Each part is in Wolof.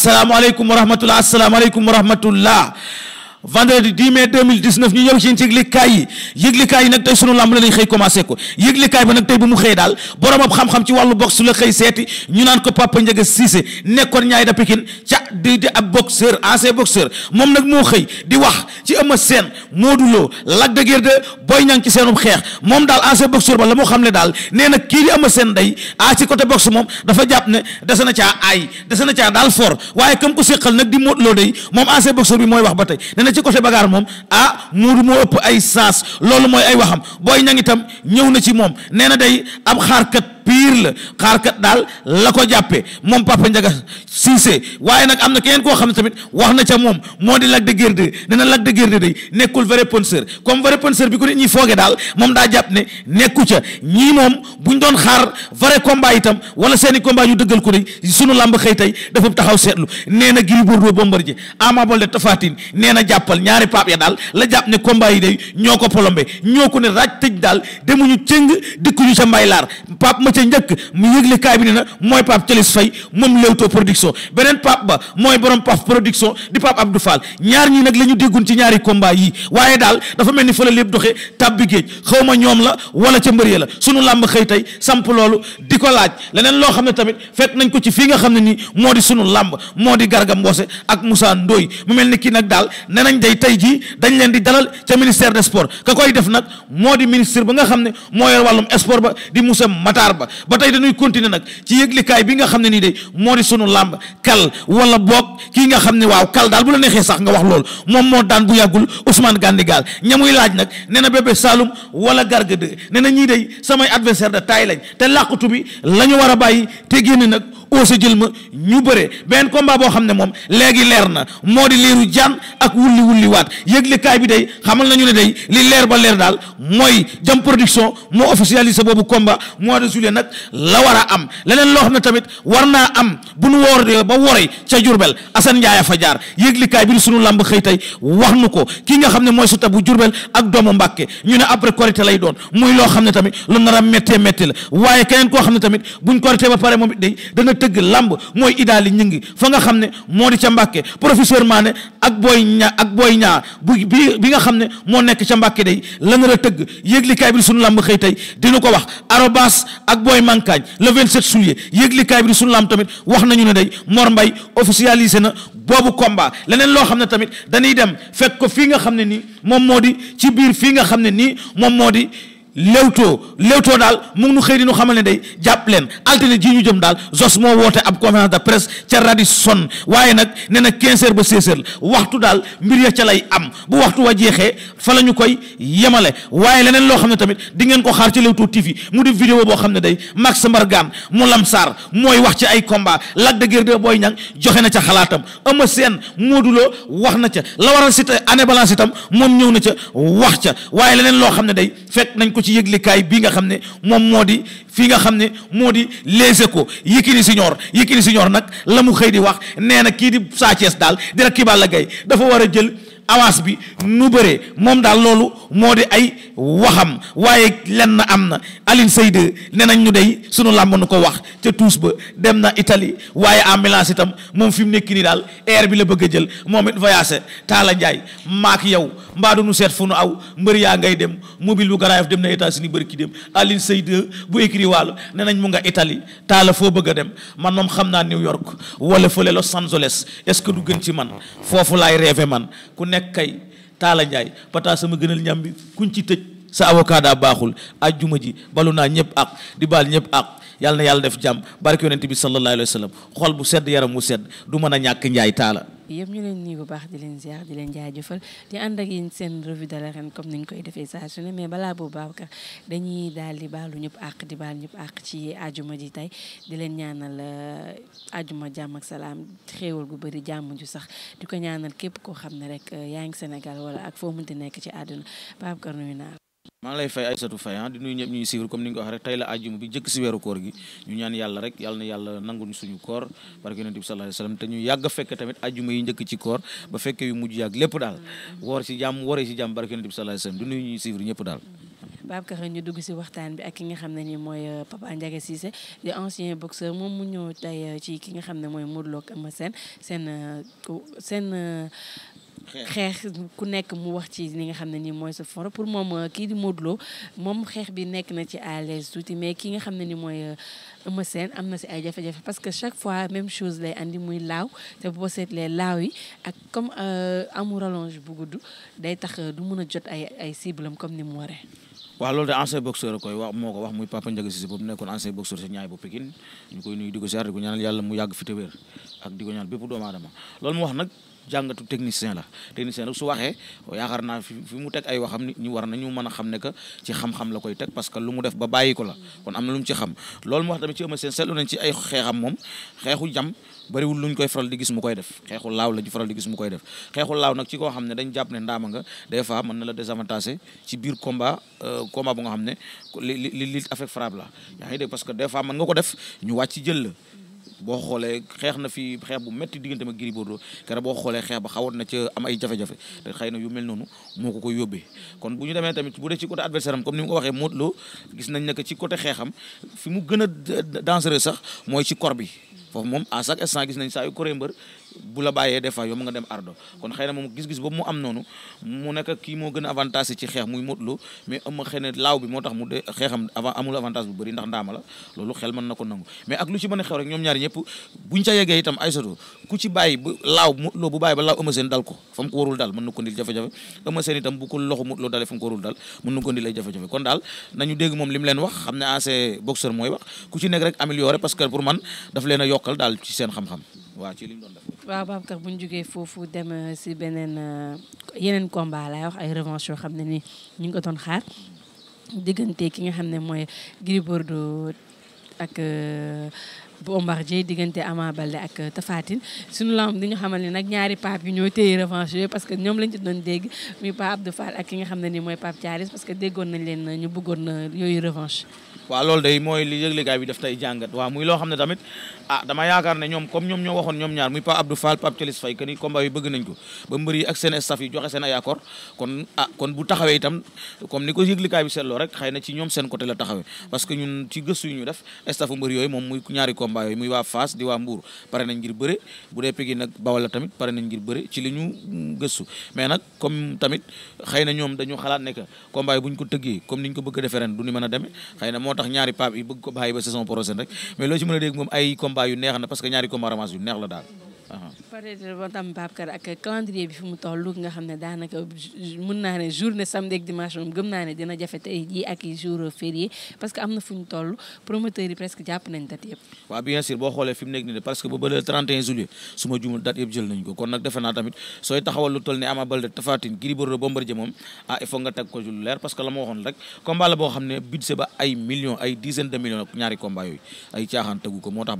salaamaaleykum wa rahmatullah asalaamaaleykum wa rahmatullah vendredi 10 mai 2019 ñu ñëw ci yëglikaay yi yëglikaay yi nag tey sunu lamb la lañ xëy commencé ko yëglikaay ba nag tey bu mu xëy daal borom ab xam-xam ci wàllu boxe la xëy seeti ñu naan ko Papa Ndiaga Cissé nekkoon ñaay da ca di di ab boxeur ancien boxeur moom nag moo xëy di wax ci Eumeu Sène Modou Lo Lac de Guiers 2 ci seenum xeex moom daal ancien boxeur ba la moo xam ne daal nee na kii di Eumeu Sène day ah ci côté jàpp ne dese na caa na caa daal fort waaye comme ko séqal nag di moom ancien mooy wax ba ne ci côté bagaar moom ah Modou moo ëpp ay saas loolu mooy ay waxam booy ñang itam ñëw na ci moom nee na day ab xaarkat piir la xaarkat daal la ko jàppee moom Papa Ndiaga Cissé waaye nag am na keneen koo xam ne tamit wax na ca moom moo di Lac de Guiers 2 nee na Lac de nekkul vrai penseur comme vrai penseur bi ko nit ñi fooge daal moom daa jàpp ne nekku ca ñii moom ñu doon xaar vrai combat itam wala seeni combat yu dëggal ko day sunu làmb xëy tey dafa taxaw seetlu nee na Gris Bordeaux Bombardier Ama Baldé Tapha Tine nee na jàppal ñaari paap ya daal la jàpp ne combat yi day ñoo ko polombé ñoo ko ne raaj tëj daal demuñu cëng dikkuñu ca mbay laar ba ca njëkk mu yëgle kaay bi ne na mooy Pape Thialis Faye moom Leewtoo production beneen Pape ba mooy borom Pape production di Pape Abdou Fall ñaar ñi nag la ñu ci ñaari combat yii waaye daal dafa mel ni fa la lépp doxee tàbbi géej xaw ñoom la wala ca mbër ya la sunu làmb xëy tey samp loolu di ko laaj leneen loo xam ne tamit fekk nañ ko ci fii nga xam ne nii moo di sunu làmb moo di Garga Mbossé ak Moussa Ndoye mu mel ni kii nag daal ne nañ day tey jii dañ leen di ca ministère des sports koy def nag moo di ministre ba nga xam ne moo yor wàllum sport ba di Moussa làmb ba tey dañuy continuer nag ci yëglikaay bi nga xam ne nii de moo di sunu làmb kal wala boog kii nga xam ne waaw kal daal bu la neexee sax nga wax lool moom moo daan bu yàggul Ousmane Gandigal ñamuy laaj nag nee na bébé Saloum wala Garga 2 nee na ñii de samay adversaire de taille lañ te làqutu bi la ñu war a bàyyi te génn nag ose jël ma ñu bëre benn combat boo xam ne moom léegi leer na moo di leeru jaan ak wulli wulli waat yëgle kaay bi day xamal na ñu ne day li leer ba leer daal mooy jam production moo officialisé boobu combat mois de juillet nag la war a am leneen loo xam ne tamit war naa am bu nu woor ba woree ca Jurbel Assane Ndiaye fa jaar yëgle kaay bi di sunu làmb xëy tey wax nu ko kii nga xam ne mooy Siteu bu Jurbel ak doomu Mbàkke ñu ne après Korité lay doon muy loo xam ne tamit lu nar a méttee métti la waaye koo xam ne tamit buñ Korité ba pare tëgg làmb mooy idaali ñi ngi fa nga xam ne moo di ca mbàkke professeur Mané ak booy ña ak booy ñaa bu bi bi nga xam ne moo nekk ca mbàkke day la nar a tëgg yëglikaay bi suñu lamb xëy tey dina ko wax arobas ak booy mankaañ le 27 juillet yëglikaay bi suñu lamb tamit wax nañu ne day Mor Mbay officialisé na boobu combat leneen loo xam ne tamit dañuy dem fekk ko fii nga xam ne nii moom moo di ci biir fii nga xam ne nii moom moo di Leewtoo Leewtoo daal mu ngi nu xëy di nu xamal ne day jàpp leen altine ji ñu jëm daal Zos moo woote ab conférence de presse ca Radisson waaye nag nee na quinze heures ba seize heures waxtu daal mbir ya ca lay am bu waxtu wa jeexee fa la ñu koy yemale waaye leneen loo xam ne tamit di ngeen ko xaar ci Leewtoo TV mu di vidéo boo xam ne day Max Mbargane mu lamsaar mooy wax ci ay combat Lac de Guiers 2 Boy Niang joxe na ca xalaatam Eumeu Sène Modou Lo wax na ca la waral si année balance itam moom ñëw na ca wax ca waaye leneen loo xam ne day ko ci yëglikaay bi nga xam ne moom moo di fii nga xam ne moo di Les Échos Yékini Senior Yékini Senior nag la mu xëy di wax nee na kii di Sa Thiès daal dina kii Balla Gaye dafa war a jël awaas bi nu bëree moom daal loolu moo di ay waxam waaye lenn am na Aline Seyde nee nañ ñu dey sunu làmb nu ko wax ca tuus ba dem na itali waaye ambulance itam moom fi mu nekk nii daal air bi la bëgg jël moom it voyagé Talla Ndiaye maak yow mbaa du nu seet fu nu aw mbër yaa ngay dem mobile bu garaayaf dem na États-Unis bëri ki dem Aline Seyde bu écrit wàllu nañ mu nga Italie Talla foo bëgg a dem man moom xam naa New York wala fële Los Angeles est-ce que du gën ci man foofu nekk kay taala njaay pata sama gënal ñam bi kuñ ci tëj sa avocat daa baaxul ajjuma ji balu naa ñëpp ak di baal ñëpp ak yàlla na yàlla def jàmm barke yonent bi sallallahu alayhi wa sallam xol bu sedd yaram wu sedd du mën a ñàkk njaay taala bi yëpp ñu leen nii bu baax di leen ziar di leen jaajëfal di ànd ak yéen seen revue de l'arène comme ni niñ koy defee saa su ne mais balaa boobu Babacar dañuy daal di baalu ñëpp àq di baal ñëpp àq ci ajuma ji tey di leen ñaanal ajuma euh, jàmm ak salaam xéewal gu bëri jàmm ju sax di ko ñaanal képp koo xam ne rek euh, yaa ngi Sénégal wala ak foo munti nekk ci àdduna Babacar nuyu naa maa lay fay Aïssatou Faye ah di nuyu ñuy suivre comme ni nga la àjjuma bi jëkk si weeru koor gi ñu ñaan yàlla rek yàlla na yàlla nanguñu njëkk ci koor ba fekkee yu lépp daal woor si jàmm wooree si jàmm barke yonent bi sallallahu alayhi wasallam di nuyu ñuy suivre bi ak ki nga xam ne nii mooy euh, Papa Ndiaga Cissé moom mu ñëw euh, ki nga xam ne mooy Modou Lo ak Eumeu Sène seen euh, seen xeex ku nekk mu wax ci ni nga xam ne nii mooy sa foro pour moom euh, kii di Modou Lo moom xeex bi nekk na ci à l'aise tuuti mais ki nga xam ne ni mooy euh, Eumeu seen am na si ay jafe-jafe parce que chaque fois même chose lay indi muy laaw te boo seetlee laaw yi ak comme euh, amu rallonge bu gudd day tax du mun a jot ay ay cible comme ni mu waree waaw loolu de ancien boxeur koy wax moo ko wax muy Papa Ndiaga Cissé boobu nekkoon ancien boxeur si ñaay bu Pikine ñu koy nuyu di ko ziar di ñaanal yàlla mu yàgg fi ak di ñaanal bépp doomu aadama loolu mu wax nag jàngatu technicien la technicien nag su waxee yaakaar naa fi fi mu teg ay waxam ni ñu war nañu mën a xam ne que ci xam-xam la koy teg parce que lu mu def ba bàyyi ko la kon am na lu mu ci xam loolu mu wax tamit ci Eumeu Sène seetlu nañ ci ay xeexam moom xeexu jam bariwul ñu koy faral di gis mu koy def xeexul laaw la faral di gis mu koy def xeexul laaw nag ci koo xam ne dañ jàpp ne ndaama nga des fois mën na la désavantager ci biir combat euh, combat bu nga xam ne li li li lutte la yaa ngi parce que des fois mën nga ko def ñu wàcc jël la boo xoolee xeex na fi xeex bu metti diggante ma Gris Bordeaux keroog boo xoolee xeex ba xawoon na ca am ay jafe-jafe te xëy na yu mel noonu moo ko koy yóbbee kon bu ñu demee tamit bu dee ci côté adversaire am comme ni mu ko waxee Modou Lo gis nañ ne que ci côté xeexam fi mu gën a dangereux sax mooy ci corps bi foofu moom à chaque instant gis nañ saa yu koree mbër bu la bàyyee des fois yow mu nga dem ardo kon xëy moom gis-gis boobu mu am noonu mu nekk kii moo gën a avantage ci xeex muy Modou mais ëmma xëy laaw bi moo tax mu na ko nangu mais ko warul dal mën ko warul dal mën na ko ndil jafe-jafe kon daal nañu dégg moom li leen wax xam ne ancien boxeur mooy wax ku ci nekk rek amélioré parce que pour man daf leen yokkal daal ci seen xam-xam waaw ci li ñu doon bu ñu jógee foofu dem euh, si beneen euh, yeneen combat laay wax ay revanche yoo xam ne ni ñu ngi ko doon xaar diggante ki nga xam ne mooy Gris Bordeaux ak euh, Bombardier diggante Ama Baldé ak Tapha Tine suñu lamb di ñu xamal ne nag ñaari pape yi ñoo téye revanche yooyu parce que ñoom lañ ci doon dégg muy Pape Abdou Fall ak ki nga xam ne ni mooy Pape Thiaris parce que déggoon nañ leen ñu bëggoon na yooyu revanche waaw loolu day mooy li yëglekaay bi daf tey jàngat waaw muy loo xam ne tamit a ah, dama yaakaar ne ñoom comme ñoom ñoo waxoon ñoom ñaar muy Pape Abdou Fall Pape Thialis Faye que ni ko ba mbër yi ak seen staff yi ah, na ci ñoom seen côté la taxawee parce que ñun ci gëstu yu ñu def staffu yooyu moom muy ñaari combat yooyu muy waa Fass di waa Mbour pare nañ ngir ci li ñu mm, gëstu mais nag comme tamit xëy na ñoom dañu xalaat ne que combat yi buñ ko tëggee comme niñ ko bëgg a defee ren du ni mën a demee xëy moo tax ñaari pape yi bëgg ko rek mais loo ci moom ay combat yu neex parce que ñaari combat revanche yu neex daal peut parce que ba ba le 31 juillet su ma yëpp jël nañ ko kon nag defe naa tamit sooy taxawal lu toll ni Ama Baldé Tapha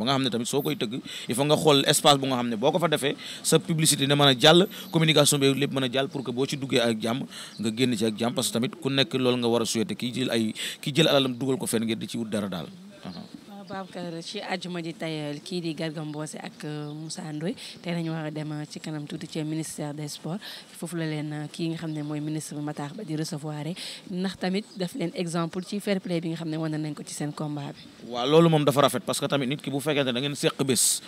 nga xam ne tamit soo koy tëgg il faut xool espace bu nga xam ne boo ko fa defee sa publicité ne mën a jàll communication bi lépp mën a jàll pour que boo ci duggee ak jàmm nga génn ci ak jàmm parce que tamit ku nekk loolu nga a souhaité ki jël ay dugal ko fenn ngir di ci wut dara daal uh-huh. Babacar ci euh, kii di Garga Mbossé ak euh, Moussa Ndoye tey nañu dem euh, ci kanam tuuti ci ministère des foofu la leen kii nga xam ne mooy ministre bi Matar Ba di recevoir ndax tamit daf leen exemple ci fair play bi nga xam ne wane nañ ko ci seen combat bi. waaw loolu moom dafa rafet parce que tamit nit ki bu fekkente da ngeen seq bés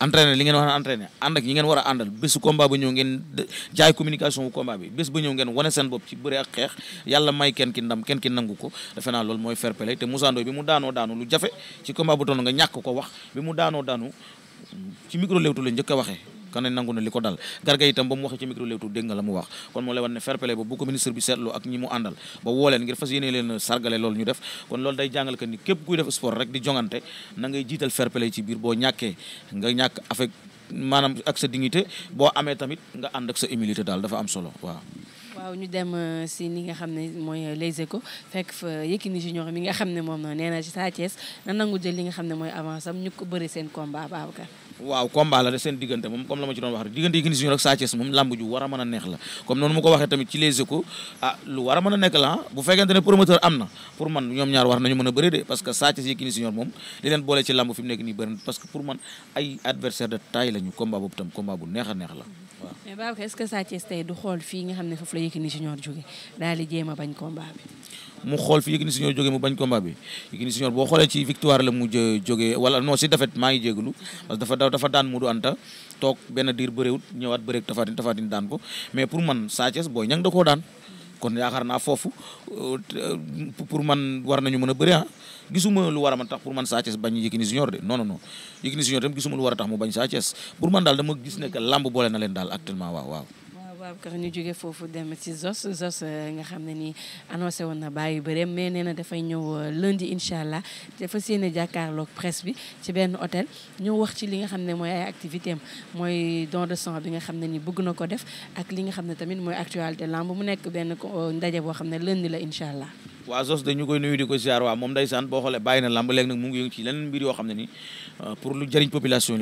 entraîné li ngeen wax na entraîné ànd ak ñi ngeen war a àndal bésu combat ba ñëw ngeen jaay communication bu combat bi bés ba ñëw ngeen wane seen bopp ci bëre ak xeex yàlla may kenn ki ndam kenn nangu ko defe naa loolu mooy fair play te Moussa Ndoye mu daanoo daanu lu jafe ci combat bu toll nga ñàkk ko wax bi mu daanoo daanu ci micro Leewtoo la njëkk a waxee ka ne nangu na li ko dal garga ba mu waxee ci micro Leewtoo dégg nga la mu wax kon moo lay ne fair ba bu ko ministre bi seetloo ak ñi àndal ba woo leen ngir fas sargale loolu ñu def kon loolu day jàngal que ni képp di jongante na jiital fair ci biir boo ñàkkee nga ñàkk avec maanaam ak sa dignité boo amee tamit nga ànd ak sa humilité daal dafa am solo waaw ñu dem euh, si ni nga xam ne moom na nee na nangu jël li nga xam ne waaw combat la de seen diggante moom comme la ma ci doon wax rek diggante Yékini Junior ak Sa moom làmb ju mën a neex la comme noonu mu ko waxee tamit ci les échos ah lu war mën a nekk la bu fekkente ne promoteur am na pour man ñoom ñaar war nañu mën a bëre de parce que Sa Thiès Yékini moom li leen boole ci làmb fi nekk nii bëri parce que pour man ay adversaire de taille lañu combat boobu tam combat bu neex neex la mais Babacar mu xool fi Yékini Senior jógee mu bañ combat bi Yékini Senior boo xoolee ci victoire la mu jógee wala non si défaite maa ngi jégalu parce que dafa daan mu Modou Anta toog benn diir bëréewut ñëwaat bëreeg Tapha Tine Tapha daan ko mais pour man Sa Thiès Boy Niang da daan kon yaakaar naa foofu euh, pour man war nañu mën a bëri ah gisuma lu war a man tax pour man Sa Thiès bañ Yékini Junior de non non non Yékini Junior gisuma lu war a tax mu bañ Sa Thiès pour lamb boole na leen daal actuellement waaw waaw Babacar ñu jóge foofu dem ci Zos Zos eh, nga xam ne ni annoncé woon na bàyyi bëreem mais nee na dafay ñëw eh, lundi incha allah dafa séene jàkkaarloog presse bi ci benn hôtel ñëw wax ci li nga xam ne mooy ay activité am mooy don de sang bi nga xam ne ni bëgg na ko def ak li nga xam ne tamit mooy actualité lamb mu nekk benn ko eh, ndaje boo xam ne lundi la incha allah. waa Zos de ñu koy nuyu di ko ziar waa moom ndeysaan boo xoolee bàyyi na làmb léegi nag ngi yëngu ci leneen mbir yoo xam ne ni euh,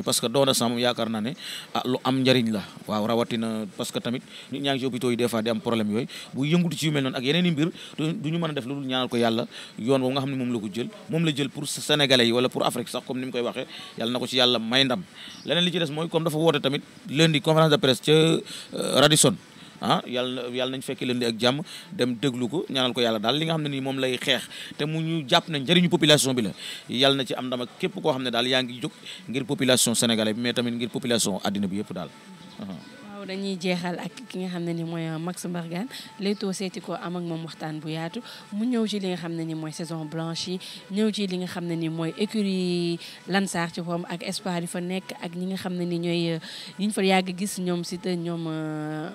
parce que doona sax moom yaakaar naa ne ah lu am njëriñ la waaw rawatina parce que tamit nit ñaa ngi ci hôpitaux yi des fois di am problème yooyu bu yëngutu ci yu mel noonu ak yeneen i mbir du ñu mën a def lu ñaanal ko yàlla yoon boobu nga xam ne moom la ko jël moom la jël pour sénégalais yi wala pour afrique sax comme ni mu koy waxee yàlla na ko ci yàlla may ndam leneen li ci des dafa woote tamit lundi conférence de presse ca euh, Radisson ah yàlla yàlla nañ fekk leen di ak jàmm dem déglu ko ñaanal ko yàlla daal li nga xam ne nii moom lay xeex te mu ñu jàpp na njëriñu population bi la yàlla na ci am ndam képp koo xam ne daal yaa ngi uh-huh. jeexal ak ki nga xam ne ni mooy uh, Max bu yaatu mu ñëw ci li nga xam ne ni mooy saison blanche ñëw ci li nga xam ne ni mooy écurie Lansar ci foom ak espoir yi fa nekk ak ñi nga xam ne ni ñooy ñi uh, ñu fa yàgg gis ñoom Siteu ñoom uh,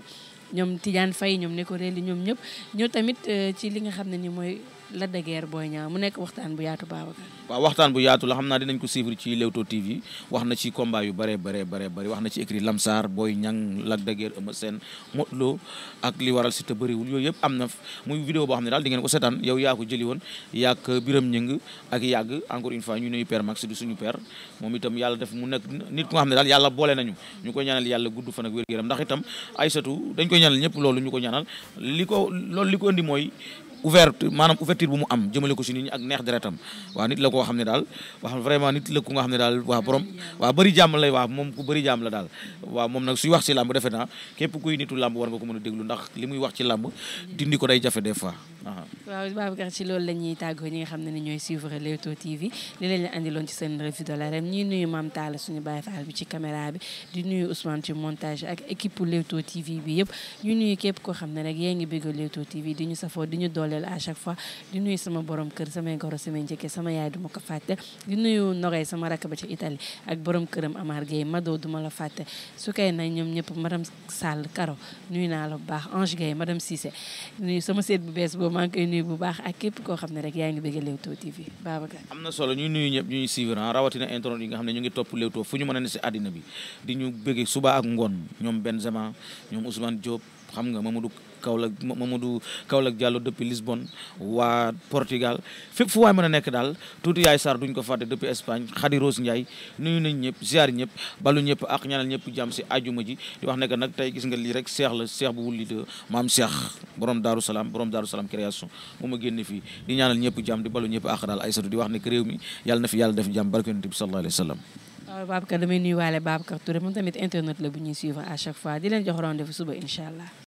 ñoom Tidiane Faye ñoom ne ko réeli ñoom ñëpp ñoo tamit euh, ci li nga xam ne ni mooy Lac de Guiers Boy mu nekk waxtaan bu yaatu la xam naa dinañ ko suivre ci Leewtoo TV wax na ci combat yu bare bare bare bëri wax na ci écrit Lamsar Boy Niang Lac de Guiers Eumeu Sène Modou Lo ak li waral si te yooyu yëpp am na muy vidéo boo xam ne daal di ngeen ko seetaan yow yaa ko jëli woon yàak Biram Ñëng ak yàgg encore une fois ñu nuyu Père Max di suñu père moom itam yàlla def mu nekk nit ku nga xam ne daal yàlla boole nañu ñu koy ñaanal yàlla gudd fan ak wér-gu-yaram ndax itam Aysatu dañ koy ñaanal ñëpp loolu ñu ko ñaanal ko loolu li ouverte maanaam ouverture bu mu am jëmale ko si nit ak neex deretam waaw nit la koo xam ne daal waaw vraiment nit la ku nga xam ne daal waa borom waa bëri jàmm lay waa moom ku bëri jàmm la daal waaw moom nag suy wax si làmb defe naa képp kuy nitu làmb war nga ko mën a déglu ndax li muy wax ci làmb dindi ko day jafe des fois waaw Babacar ci loolu la ñuy ci seen revue de l'arène ñuy nuyu Mame Talla suñu Baye Fall bi ci caméra bi di nuyu Ousmane ci montage ak équipe Leewtoo TV bi yëpp ñu nuyu képp koo xam ne rek yee ngi dooleel à chaque fois di nuyu sama borom kër samay goro samay njëkke sama yaay duma ko fàtte di nuyu nogay sama rakk ba ci Italie ak borom këram Amar Gueye Mado duma la fàtte su kay na ñoom ñëpp madame Sall Karo nuyu naa la bu baax Ange Gueye madame Cissé nuyu sama seet bu bees boobu maa ngi koy nuyu bu baax ak képp koo xam ne rek yaa ngi bëgg Leewtoo TV Babacar am na solo ñuy nuyu ñëpp ñuy suivre ah, rawatina internet yi nga xam ne ñu ngi topp Leewtoo fu ñu mën a ne si àddina bi di ñu bëgg suba ak ngoon ñoom xam nga Mamadou Kaolack Mamadou Kaolack Diallo depuis Lisbonne waa Portugal fépp fu waay mën a nekk daal tuuti yaay Sarr duñ ko fàtte depuis Espagne Khady Rose Ndiaye nuyu nañ ñëpp ziar ñëpp balu ñëpp ak ñaanal ñëpp jàmm si ji di wax ne que nag tey gis nga la seex bu wulli de maam seex borom Daaru Salaam borom Daaru Salaam création moo ma génne fii di ñaanal ñëpp réew mi yàlla na fi yàlla def jàmm barke yonent bi sallallahu ah, la bu ñuy suivre à chaque fois di leen jox rendez suba incha allah